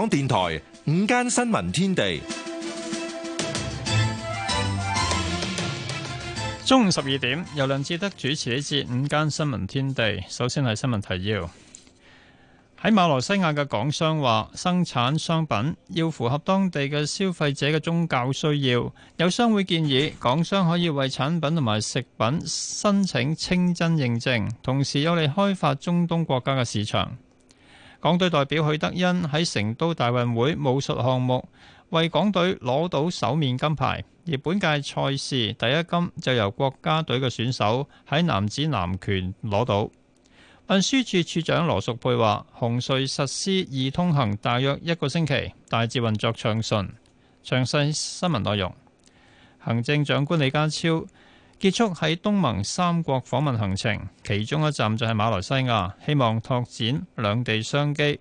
港電台午間新聞天地，中午十二點，由梁志德主持呢節午間新聞天地。首先係新聞提要：喺馬來西亞嘅港商話，生產商品要符合當地嘅消費者嘅宗教需要。有商會建議，港商可以為產品同埋食品申請清真認證，同時有利開發中東國家嘅市場。港隊代表許德恩喺成都大運會武術項目為港隊攞到首面金牌，而本屆賽事第一金就由國家隊嘅選手喺男子南拳攞到。運輸處處長羅淑佩話，紅隧實施易通行大約一個星期，大致運作暢順。詳細新聞內容，行政長官李家超結束喺東盟三國訪問行程，其中一站就係馬來西亞，希望拓展兩地商機。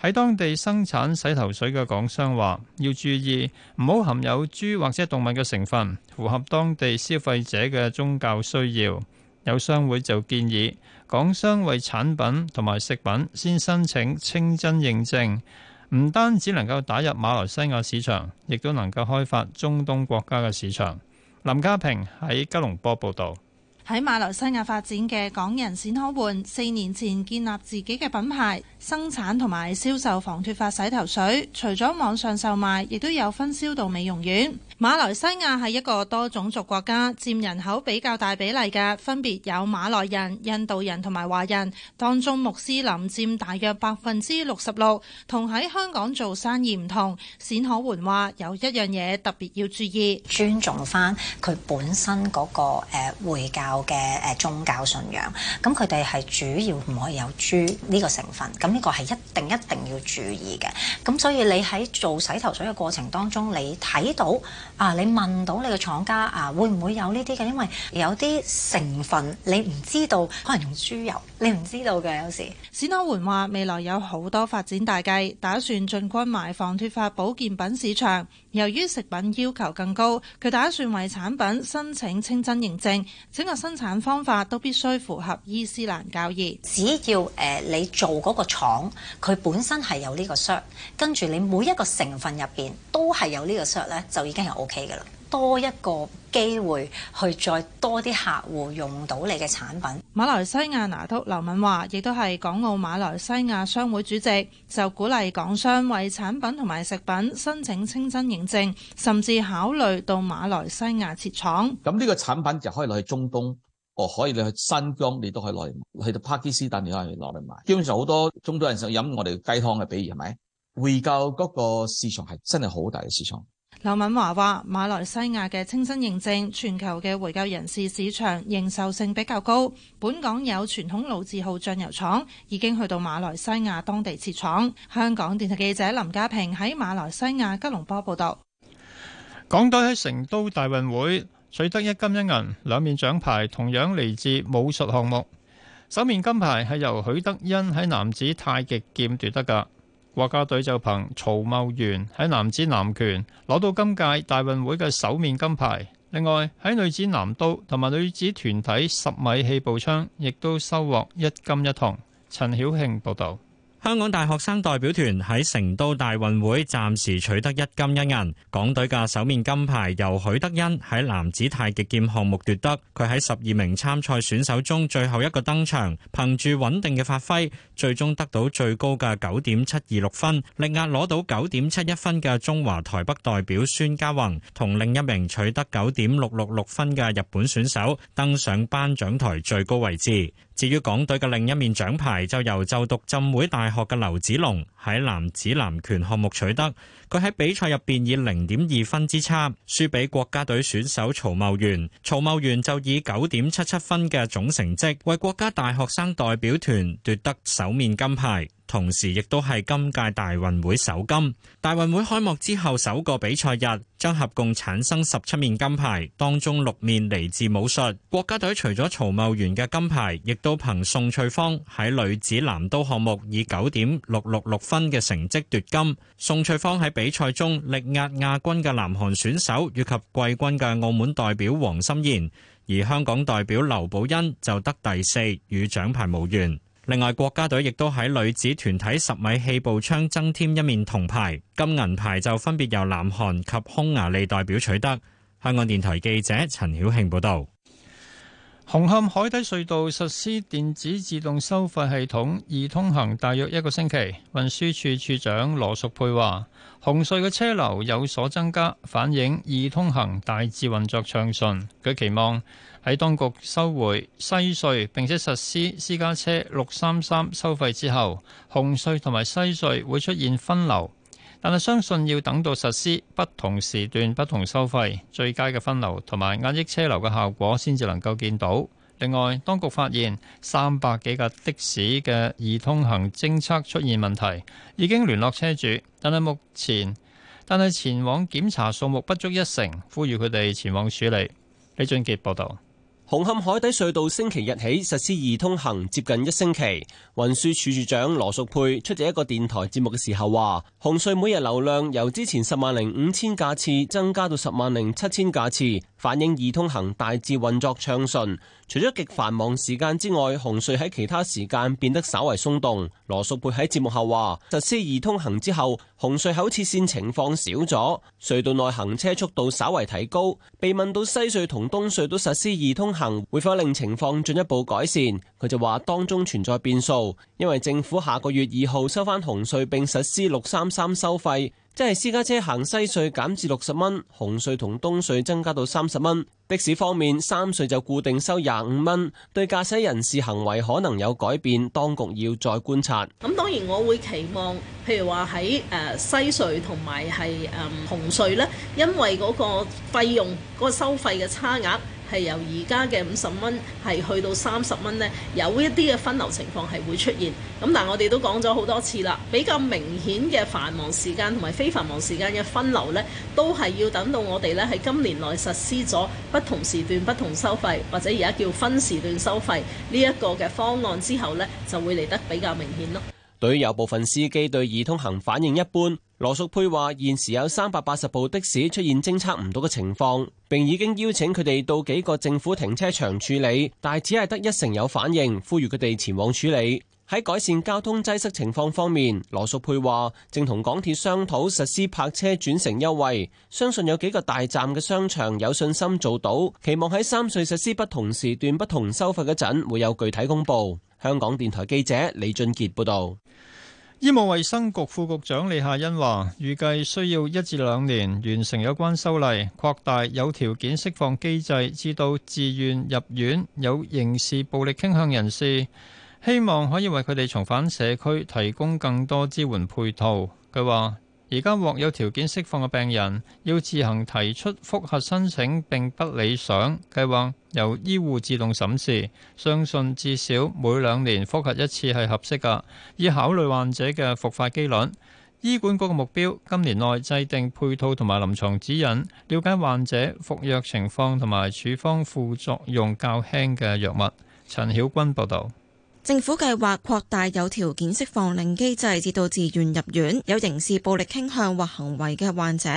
喺當地生產洗頭水嘅港商話：要注意唔好含有豬或者動物嘅成分，符合當地消費者嘅宗教需要。有商會就建議港商為產品同埋食品先申請清真認證，唔單止能夠打入馬來西亞市場，亦都能夠開發中東國家嘅市場。林家平喺吉隆坡報道，喺馬來西亞發展嘅港人冼可煥，四年前建立自己嘅品牌，生產同埋銷售防脫髮洗頭水，除咗網上售賣，亦都有分銷到美容院。馬來西亞係一個多種族國家，佔人口比較大比例嘅分別有馬來人、印度人同埋華人。當中穆斯林佔大約百分之六十六。同喺香港做生意唔同，冼可緩話有一樣嘢特別要注意，尊重翻佢本身嗰個誒會教嘅宗教信仰。咁佢哋係主要唔可以有豬呢個成分。咁呢個係一定一定要注意嘅。咁所以你喺做洗頭水嘅過程當中，你睇到。啊！你問到你個廠家啊，會唔會有呢啲嘅？因為有啲成分你唔知道，可能用豬油，你唔知道嘅有時。冼可媛話未來有好多發展大計，打算進軍埋防脫髮保健品市場。由於食品要求更高，佢打算為產品申請清真認證，整個生產方法都必須符合伊斯蘭教義。只要誒、呃、你做嗰個廠，佢本身係有呢個 cert，跟住你每一個成分入邊都係有呢個 cert 咧，就已經係 OK 嘅啦。多一個機會去再多啲客戶用到你嘅產品。馬來西亞拿督劉敏華，亦都係港澳馬來西亞商會主席，就鼓勵港商為產品同埋食品申請清真認證，甚至考慮到馬來西亞設廠。咁呢個產品就可以攞去中東，哦，可以你去新疆，你都可以攞去去到巴基斯坦，你可以攞嚟賣。基本上好多中東人想飲我哋雞湯嘅，比如係咪？回教嗰個市場係真係好大嘅市場。劉敏華話：馬來西亞嘅清真認證，全球嘅回教人士市場認受性比較高。本港有傳統老字號醬油廠已經去到馬來西亞當地設廠。香港電台記者林家平喺馬來西亞吉隆坡報道。港隊喺成都大運會取得一金一銀兩面獎牌，同樣嚟自武術項目。首面金牌係由許德恩喺男子太極劍奪得噶。國家隊就憑曹茂元喺男子南拳攞到今屆大運會嘅首面金牌，另外喺女子南刀同埋女子團體十米氣步槍亦都收穫一金一銅。陳曉慶報道。香港大學生代表團喺成都大運會暫時取得一金一銀。港隊嘅首面金牌由許德恩喺男子太極劍項目奪得，佢喺十二名參賽選手中最後一個登場，憑住穩定嘅發揮，最終得到最高嘅九點七二六分，力壓攞到九點七一分嘅中華台北代表孫嘉宏同另一名取得九點六六六分嘅日本選手登上頒獎台最高位置。至於港隊嘅另一面獎牌，就由就讀浸會大學嘅劉子龍喺男子南拳項目取得。佢喺比賽入邊以零點二分之差輸俾國家隊選手曹茂源，曹茂源就以九點七七分嘅總成績為國家大學生代表團奪得首面金牌。同時，亦都係今屆大運會首金。大運會開幕之後首個比賽日，將合共產生十七面金牌，當中六面嚟自武術。國家隊除咗曹茂源嘅金牌，亦都憑宋翠芳喺女子南刀項目以九點六六六分嘅成績奪金。宋翠芳喺比賽中力壓亞軍嘅南韓選手，以及季軍嘅澳門代表黃心妍。而香港代表劉寶欣就得第四，與獎牌無緣。另外，國家隊亦都喺女子團體十米氣步槍增添一面銅牌，金銀牌就分別由南韓及匈牙利代表取得。香港電台記者陳曉慶報道。紅磡海底隧道實施電子自動收費系統易通行大約一個星期，運輸處處長羅淑佩話：紅隧嘅車流有所增加，反映易通行大致運作暢順。佢期望喺當局收回西隧，並且實施私家車六三三收費之後，紅隧同埋西隧會出現分流。但係相信要等到實施不同時段不同收費，最佳嘅分流同埋壓抑車流嘅效果先至能夠見到。另外，當局發現三百幾架的士嘅易通行政策出現問題，已經聯絡車主，但係目前但係前往檢查數目不足一成，呼籲佢哋前往處理。李俊傑報道。紅磡海底隧道星期日起實施易通行，接近一星期。運輸署署長羅淑佩出席一個電台節目嘅時候話，紅隧每日流量由之前十萬零五千架次增加到十萬零七千架次。反映易通行大致運作暢順，除咗極繁忙時間之外，紅隧喺其他時間變得稍為鬆動。羅淑佩喺節目後話：實施易通行之後，紅隧口切線情況少咗，隧道內行車速度稍為提高。被問到西隧同東隧都實施易通行會否令情況進一步改善，佢就話當中存在變數，因為政府下個月二號收翻紅隧並實施六三三收費。即係私家車行西隧減至六十蚊，紅隧同東隧增加到三十蚊。的士方面，三隧就固定收廿五蚊。對駕駛人士行為可能有改變，當局要再觀察。咁當然，我會期望，譬如話喺誒西隧同埋係誒紅隧咧，因為嗰個費用嗰個收費嘅差額。係由而家嘅五十蚊係去到三十蚊呢，有一啲嘅分流情況係會出現。咁但我哋都講咗好多次啦，比較明顯嘅繁忙時間同埋非繁忙時間嘅分流呢，都係要等到我哋呢喺今年內實施咗不同時段不同收費，或者而家叫分時段收費呢一個嘅方案之後呢，就會嚟得比較明顯咯。對於有部分司機對易通行反應一般，羅淑佩話現時有三百八十部的士出現偵測唔到嘅情況，並已經邀請佢哋到幾個政府停車場處理，但係只係得一成有反應，呼籲佢哋前往處理。喺改善交通擠塞情況方面，羅淑佩話正同港鐵商討實施泊車轉乘優惠，相信有幾個大站嘅商場有信心做到，期望喺三隧實施不同時段不同收費嗰陣會有具體公佈。香港電台記者李俊杰報道，醫務衛生局副局長李夏茵話：預計需要一至兩年完成有關修例，擴大有條件釋放機制，至到自願入院有刑事暴力傾向人士，希望可以為佢哋重返社區提供更多支援配套。佢話：而家獲有條件釋放嘅病人要自行提出複核申請，並不理想。計劃。由醫護自動審視，相信至少每兩年覆核一次係合適㗎，以考慮患者嘅復發機率。醫管局嘅目標，今年內制定配套同埋臨床指引，了解患者服藥情況同埋處方副作用較輕嘅藥物。陳曉君報導。政府計劃擴大有條件釋放令機制，至到自願入院有刑事暴力傾向或行為嘅患者。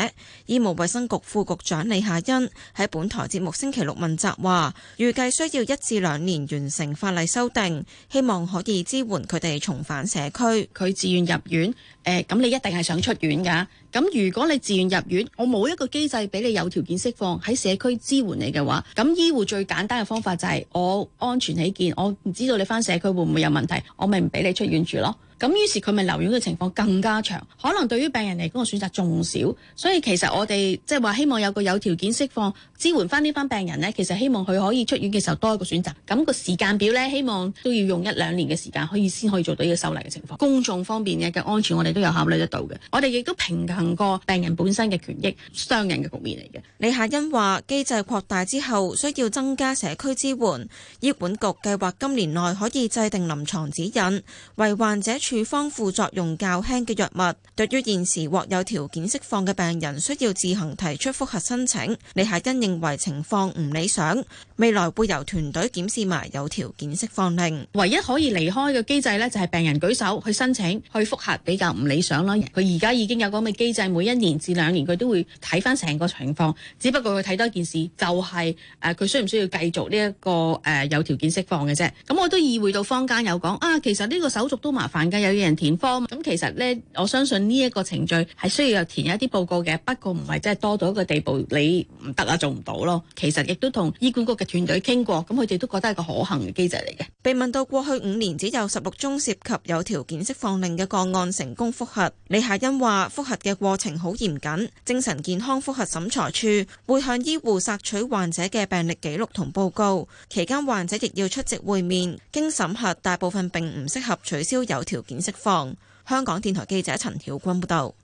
醫務衛生局副局長李夏茵喺本台節目星期六問責話，預計需要一至兩年完成法例修訂，希望可以支援佢哋重返社區。佢自願入院，誒、呃，咁你一定係想出院㗎？咁如果你自願入院，我冇一個機制俾你有條件釋放喺社區支援你嘅話，咁醫護最簡單嘅方法就係我安全起見，我唔知道你返社區會唔會有問題，我咪唔俾你出院住咯。咁於是佢咪留院嘅情況更加長，可能對於病人嚟講個選擇仲少，所以其實我哋即係話希望有個有條件釋放支援返呢班病人呢。其實希望佢可以出院嘅時候多一個選擇。咁、那個時間表呢，希望都要用一兩年嘅時間，可以先可以做到呢個修例嘅情況。公眾方面嘅嘅安全，我哋都有考慮得到嘅。我哋亦都平衡過病人本身嘅權益，雙贏嘅局面嚟嘅。李夏欣話：機制擴大之後，需要增加社區支援。醫管局計劃今年內可以制定臨床指引，為患者。處方副作用較輕嘅藥物，對於現時或有條件釋放嘅病人，需要自行提出覆核申請。李夏欣認為情況唔理想。未來會由團隊檢視埋有條件釋放令。唯一可以離開嘅機制咧，就係病人舉手去申請，去複核比較唔理想啦。佢而家已經有嗰咁嘅機制，每一年至兩年佢都會睇翻成個情況。只不過佢睇多件事，就係誒佢需唔需要繼續呢一個誒有條件釋放嘅啫。咁、嗯、我都意會到坊間有講啊，其實呢個手續都麻煩㗎，有啲人填 form。咁其實咧，我相信呢一個程序係需要填一啲報告嘅，不過唔係即係多到一個地步你唔得啊，做唔到咯。其實亦都同醫管局團隊傾過，咁佢哋都覺得係個可行嘅機制嚟嘅。被問到過去五年只有十六宗涉及有條件釋放令嘅個案成功覆核，李夏欣話：覆核嘅過程好嚴謹，精神健康覆核審裁處會向醫護索取患者嘅病歷記錄同報告，期間患者亦要出席會面。經審核，大部分並唔適合取消有條件釋放。香港電台記者陳曉君報道。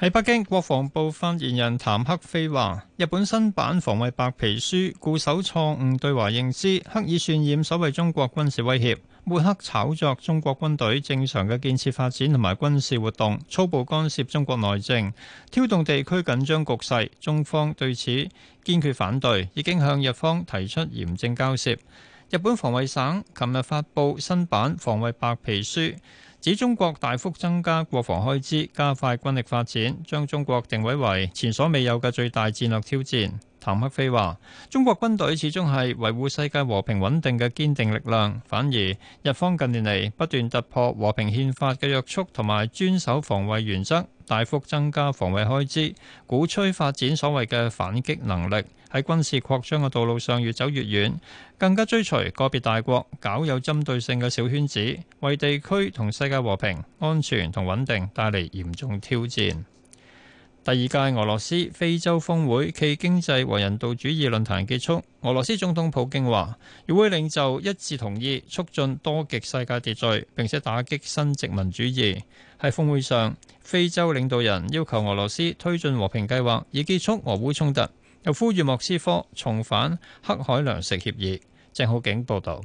喺北京，國防部發言人譚克非話：日本新版防衞白皮書固守錯誤對華認知，刻意渲染所謂中國軍事威脅，抹黑炒作中國軍隊正常嘅建設發展同埋軍事活動，粗暴干涉中國內政，挑動地區緊張局勢。中方對此堅決反對，已經向日方提出嚴正交涉。日本防衞省琴日發布新版防衞白皮書。指中國大幅增加國防開支，加快軍力發展，將中國定位為前所未有嘅最大戰略挑戰。譚克非話，中國軍隊始終係維護世界和平穩定嘅堅定力量。反而，日方近年嚟不斷突破和平憲法嘅約束，同埋專守防衛原則，大幅增加防衛開支，鼓吹發展所謂嘅反擊能力，喺軍事擴張嘅道路上越走越遠，更加追隨個別大國搞有針對性嘅小圈子，為地區同世界和平、安全同穩定帶嚟嚴重挑戰。第二屆俄羅斯非洲峰會暨經濟和人道主義論壇結束，俄羅斯總統普京話，與會領袖一致同意促進多極世界秩序，並且打擊新殖民主義。喺峰會上，非洲領導人要求俄羅斯推進和平計劃，以結束俄烏衝突，又呼籲莫斯科重返黑海糧食協議。鄭浩景報道。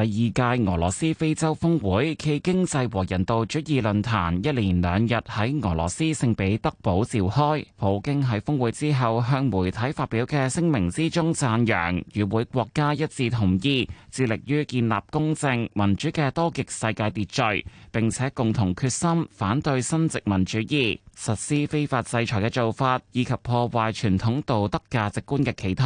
第二屆俄羅斯非洲峰會暨經濟和人道主義論壇一連兩日喺俄羅斯聖彼得堡召開。普京喺峰會之後向媒體發表嘅聲明之中讚揚與會國家一致同意致力於建立公正民主嘅多極世界秩序，並且共同決心反對新殖民主義。實施非法制裁嘅做法，以及破壞傳統道德價值觀嘅企圖。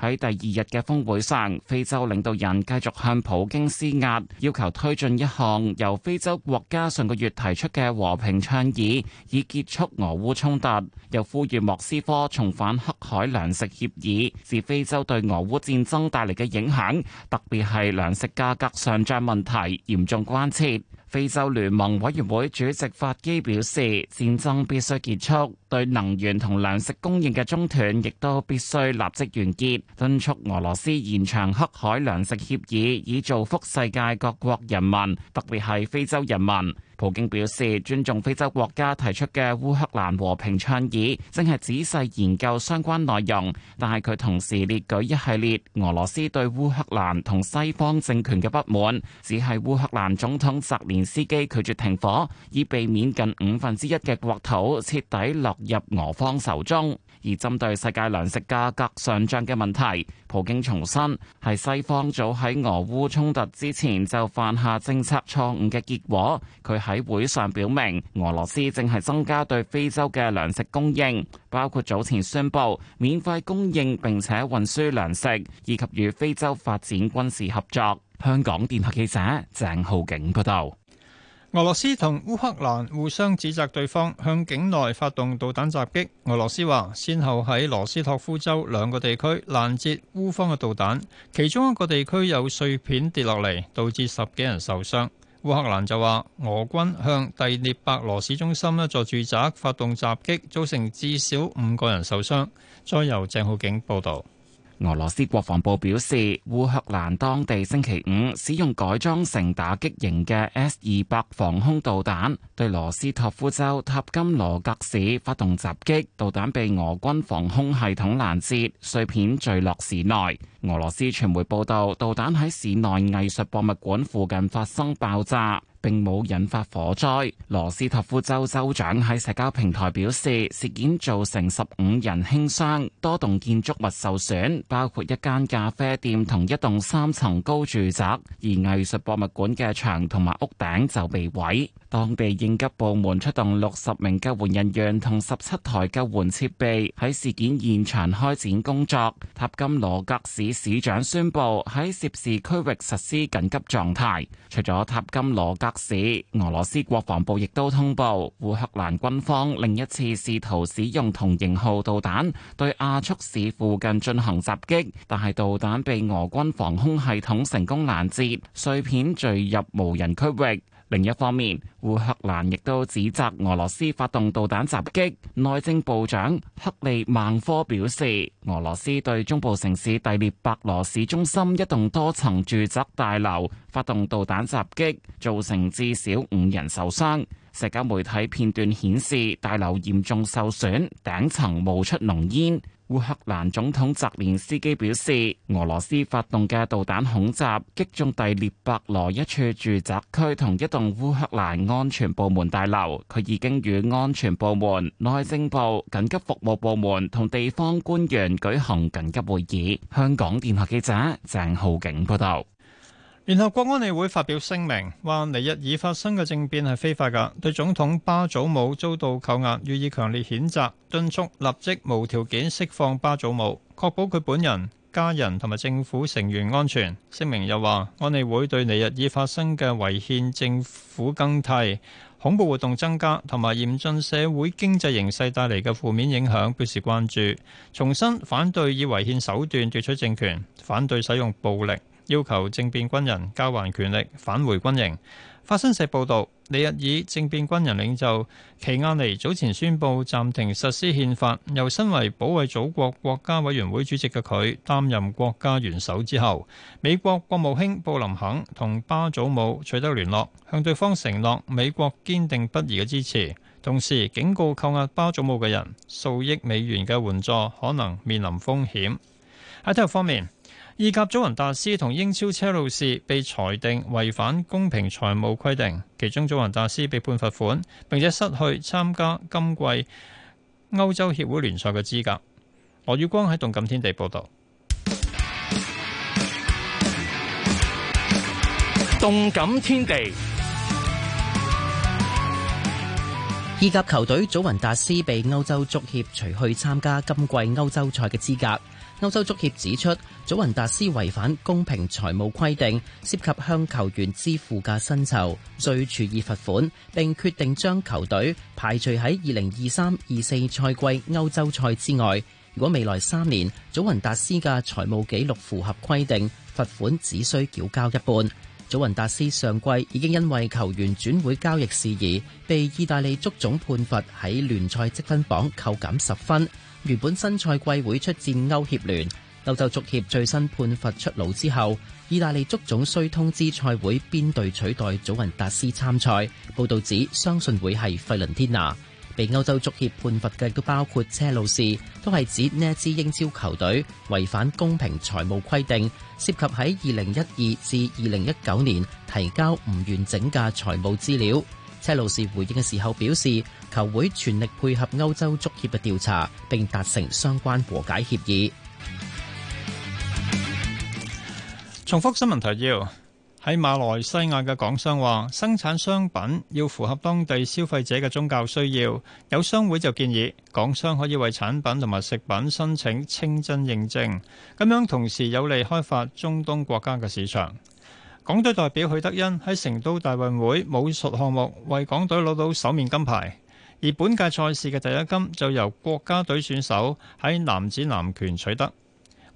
喺第二日嘅峰會上，非洲領導人繼續向普京施壓，要求推進一項由非洲國家上個月提出嘅和平倡議，以結束俄烏衝突。又呼籲莫斯科重返黑海糧食協議，是非洲對俄烏戰爭帶嚟嘅影響，特別係糧食價格上漲問題嚴重關切。非洲聯盟委員會主席法基表示：戰爭必須結束。對能源同糧食供應嘅中斷，亦都必須立即完結，敦促俄羅斯延長黑海糧食協議，以造福世界各國人民，特別係非洲人民。普京表示尊重非洲國家提出嘅烏克蘭和平倡議，正係仔細研究相關內容。但係佢同時列舉一系列俄羅斯對烏克蘭同西方政權嘅不滿，只係烏克蘭總統澤連斯基拒絕停火，以避免近五分之一嘅國土徹底落入俄方手中，而針對世界糧食價格上漲嘅問題，普京重申係西方早喺俄烏衝突之前就犯下政策錯誤嘅結果。佢喺會上表明，俄羅斯正係增加對非洲嘅糧食供應，包括早前宣佈免費供應並且運輸糧食，以及與非洲發展軍事合作。香港電台記者鄭浩景報道。俄羅斯同烏克蘭互相指責對方向境內發動導彈襲擊。俄羅斯話先後喺羅斯托夫州兩個地區攔截烏方嘅導彈，其中一個地區有碎片跌落嚟，導致十幾人受傷。烏克蘭就話俄軍向第聶伯羅市中心一座住宅發動襲擊，造成至少五個人受傷。再由鄭浩景報道。俄羅斯國防部表示，烏克蘭當地星期五使用改裝成打擊型嘅 S 二百防空導彈對羅斯托夫州塔甘羅格市發動襲擊，導彈被俄軍防空系統攔截，碎片墜落市內。俄羅斯傳媒報道，導彈喺市內藝術博物館附近發生爆炸，並冇引發火災。羅斯塔夫州州長喺社交平台表示，事件造成十五人輕傷，多棟建築物受損，包括一間咖啡店同一棟三層高住宅，而藝術博物館嘅牆同埋屋頂就被毀。當地應急部門出動六十名救援人員同十七台救援設備喺事件現場開展工作。塔甘羅格市市長宣布喺涉事區域實施緊急狀態。除咗塔甘羅格市，俄羅斯國防部亦都通報，烏克蘭軍方另一次試圖使用同型號導彈對亞速市附近進行襲擊，但係導彈被俄軍防空系統成功攔截，碎片墜入無人區域。另一方面，烏克蘭亦都指責俄羅斯發動導彈襲擊，內政部長克利萬科表示，俄羅斯對中部城市第聶伯羅市中心一棟多層住宅大樓發動導彈襲擊造成至少五人受傷。社交媒體片段顯示大樓嚴重受損，頂層冒出濃煙。烏克蘭總統澤連斯基表示，俄羅斯發動嘅導彈恐襲擊中第涅伯羅一處住宅區同一棟烏克蘭安全部門大樓。佢已經與安全部門、內政部、緊急服務部門同地方官員舉行緊急會議。香港電台記者鄭浩景報道。然後，國安理會發表聲明，話尼日爾發生嘅政變係非法㗎，對總統巴祖姆遭到扣押予以強烈譴責，敦促立即無條件釋放巴祖姆，確保佢本人、家人同埋政府成員安全。聲明又話，安理會對尼日爾發生嘅違憲政府更替、恐怖活動增加同埋嚴峻社會經濟形勢帶嚟嘅負面影響表示關注，重申反對以違憲手段奪取政權，反對使用暴力。要求政變軍人交還權力，返回軍營。法新社報道，尼日爾政變軍人領袖奇亞尼早前宣布暫停實施憲法，由身為保衛祖國國家委員會主席嘅佢擔任國家元首之後，美國國務卿布林肯同巴祖姆取得聯絡，向對方承諾美國堅定不移嘅支持，同時警告扣押巴祖姆嘅人數億美元嘅援助可能面臨風險。喺體育方面。意甲祖雲達斯同英超車路士被裁定違反公平財務規定，其中祖雲達斯被判罰款，並且失去參加今季歐洲協會聯賽嘅資格。羅宇光喺動感天地報道。動感天地，意甲球隊祖雲達斯被歐洲足協除去參加今季歐洲賽嘅資格。歐洲足協指出，祖雲達斯違反公平財務規定，涉及向球員支付嘅薪酬，最處以罰款，並決定將球隊排除喺二零二三二四賽季歐洲賽之外。如果未來三年祖雲達斯嘅財務記錄符合規定，罰款只需繳交一半。祖雲達斯上季已經因為球員轉會交易事宜，被意大利足總判罰喺聯賽積分榜扣減十分。原本新賽季會出戰歐協聯，歐洲足協最新判罰出爐之後，意大利足總需通知賽會邊隊取代祖雲達斯參賽，報道指相信會係費倫天拿。被歐洲足協判罰嘅都包括車路士，都係指呢一支英超球隊違反公平財務規定，涉及喺二零一二至二零一九年提交唔完整嘅財務資料。車路士回應嘅時候表示。球會全力配合歐洲足協嘅調查，並達成相關和解協議。重複新聞提要：喺馬來西亞嘅港商話，生產商品要符合當地消費者嘅宗教需要。有商會就建議港商可以為產品同埋食品申請清真認證，咁樣同時有利開發中東國家嘅市場。港隊代表許德恩喺成都大運會武術項目為港隊攞到首面金牌。而本屆賽事嘅第一金就由國家隊選手喺男子南拳取得。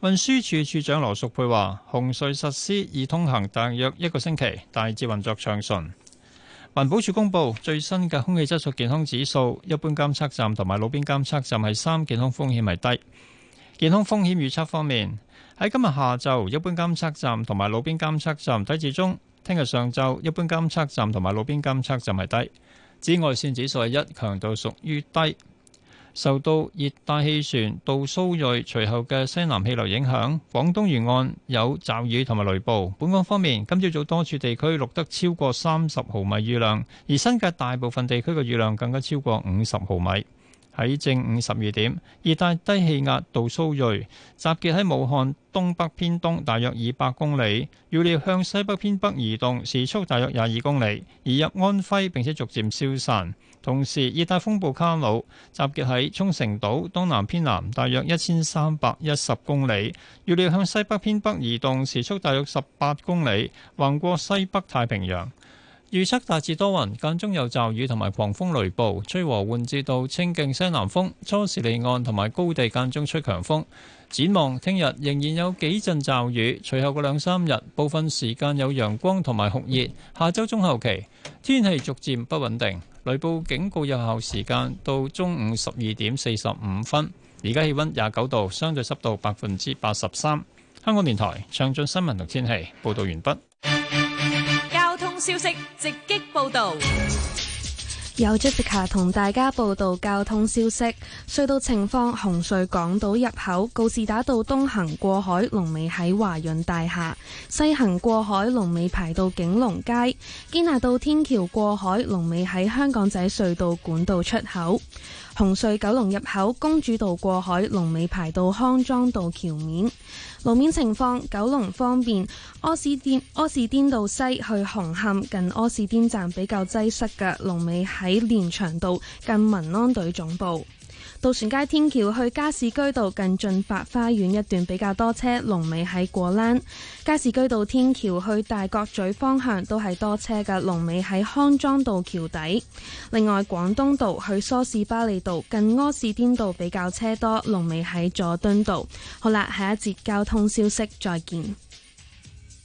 運輸處處長羅淑佩話：紅隧實施易通行大約一個星期，大致運作暢順。環保署公布最新嘅空氣質素健康指數，一般監測站同埋路邊監測站係三，健康風險係低。健康風險預測方面，喺今日下晝一般監測站同埋路邊監測站低至中，聽日上晝一般監測站同埋路邊監測站係低。紫外線指數係一，強度屬於低。受到熱帶氣旋杜蘇芮隨後嘅西南氣流影響，廣東沿岸有驟雨同埋雷暴。本港方面，今朝早多處地區錄得超過三十毫米雨量，而新界大部分地區嘅雨量更加超過五十毫米。喺正午十二點，熱帶低氣壓杜蘇芮集結喺武漢東北偏東大約二百公里，預料向西北偏北移動，時速大約廿二公里，移入安徽並且逐漸消散。同時，熱帶風暴卡努集結喺沖繩島東南偏南大約一千三百一十公里，預料向西北偏北移動，時速大約十八公里，橫過西北太平洋。預測大致多雲，間中有驟雨同埋狂風雷暴，吹和緩至到清勁西南風。初時離岸同埋高地間中吹強風。展望聽日仍然有幾陣驟雨，隨後個兩三日部分時間有陽光同埋酷熱。下周中後期天氣逐漸不穩定，雷暴警告有效時間到中午十二點四十五分。而家氣温廿九度，相對濕度百分之八十三。香港電台詳盡新聞同天氣報道完畢。消息直擊報道，有 Jessica 同大家報道交通消息。隧道情況：紅隧港島入口告士打道東行過海龍尾喺華潤大廈，西行過海龍尾排到景隆街；堅拿道天橋過海龍尾喺香港仔隧道管道出口。紅隧九龍入口公主道過海龍尾排到康莊道橋面路面情況，九龍方面，柯士甸柯士甸道西去紅磡近柯士甸站比較擠塞嘅龍尾喺聯翔道近民安隊總部。渡船街天橋去加士居道近駿發花園一段比較多車，龍尾喺果欄；加士居道天橋去大角咀方向都係多車嘅，龍尾喺康莊道橋底。另外，廣東道去梳士巴利道近柯士甸道比較車多，龍尾喺佐敦道。好啦，下一節交通消息，再見。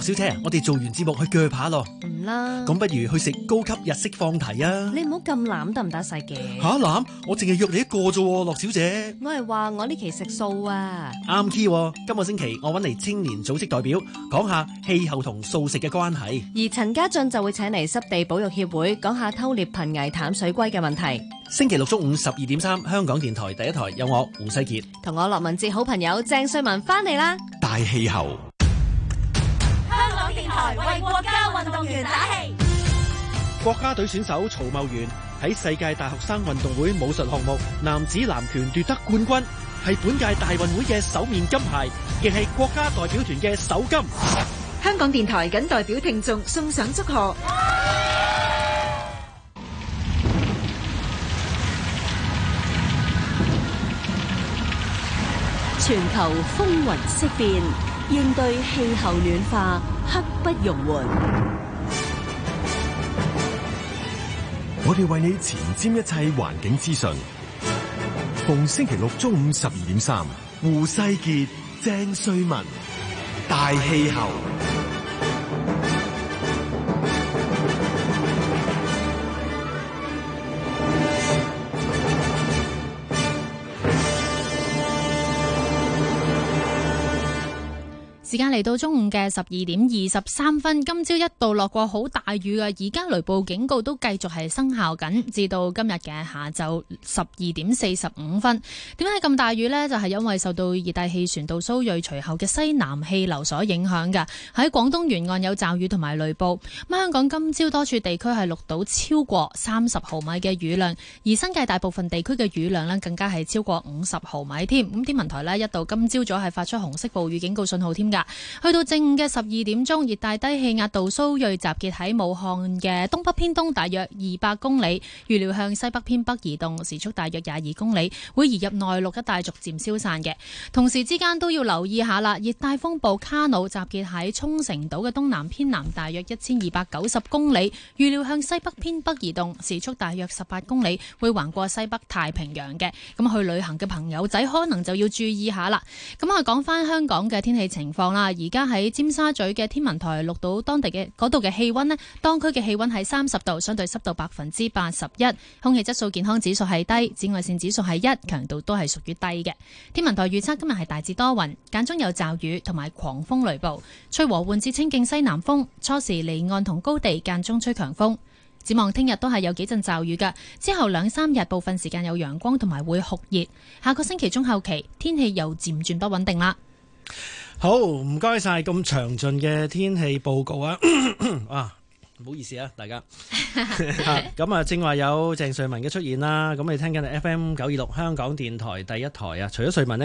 駱小姐，我哋做完節目去鋸扒咯，唔啦，咁不如去食高級日式放題啊！你唔好咁攬得唔得晒嘅吓攬，我淨係約你一個啫，駱小姐。我係話我呢期食素啊，啱 key。今個星期我搵嚟青年組織代表講下氣候同素食嘅關係，而陳家俊就會請嚟濕地保育協會講下偷獵瀕危淡水龜嘅問題。星期六中午十二點三，香港電台第一台有我胡世杰，同我駱文哲好朋友鄭瑞文翻嚟啦，大氣候。電台為國家運動員打氣。國家隊選手曹茂源喺世界大學生運動會武術項目男子南拳奪得冠軍，係本屆大運會嘅首面金牌，亦係國家代表團嘅首金。香港電台謹代表聽眾送上祝賀。全球風雲色變。應對氣候暖化，刻不容緩。我哋為你前瞻一切環境資訊，逢星期六中午十二點三，胡世杰、鄭瑞文，大氣候。而家嚟到中午嘅十二點二十三分，今朝一度落過好大雨啊。而家雷暴警告都繼續係生效緊，至到今日嘅下晝十二點四十五分。點解咁大雨呢？就係因為受到熱帶氣旋杜蘇芮隨後嘅西南氣流所影響噶喺廣東沿岸有驟雨同埋雷暴。咁香港今朝多處地區係錄到超過三十毫米嘅雨量，而新界大部分地區嘅雨量呢更加係超過五十毫米添。咁天文台呢一度今朝早係發出紅色暴雨警告信號添噶。去到正午嘅十二點鐘，熱帶低氣壓杜蘇芮集結喺武漢嘅東北偏東，大約二百公里，預料向西北偏北移動，時速大約廿二公里，會移入內陸一帶逐漸消散嘅。同時之間都要留意下啦，熱帶風暴卡努集結喺沖繩島嘅東南偏南，大約一千二百九十公里，預料向西北偏北移動，時速大約十八公里，會橫過西北太平洋嘅。咁去旅行嘅朋友仔可能就要注意下啦。咁啊，講返香港嘅天氣情況。啊！而家喺尖沙咀嘅天文台錄到當地嘅嗰度嘅氣溫呢，當區嘅氣溫係三十度，相對濕度百分之八十一，空氣質素健康指數係低，紫外線指數係一，強度都係屬於低嘅。天文台預測今日係大致多雲，間中有驟雨同埋狂風雷暴，吹和緩至清勁西南風，初時離岸同高地間中吹強風。展望聽日都係有幾陣驟雨㗎，之後兩三日部分時間有陽光同埋會酷熱。下個星期中後期天氣又漸轉不穩定啦。好，唔該晒咁詳盡嘅天氣報告啊！啊，唔好意思啊，大家。吓咁啊，正話有鄭瑞文嘅出現啦。咁你聽緊係 FM 九二六香港電台第一台啊。除咗瑞文咧。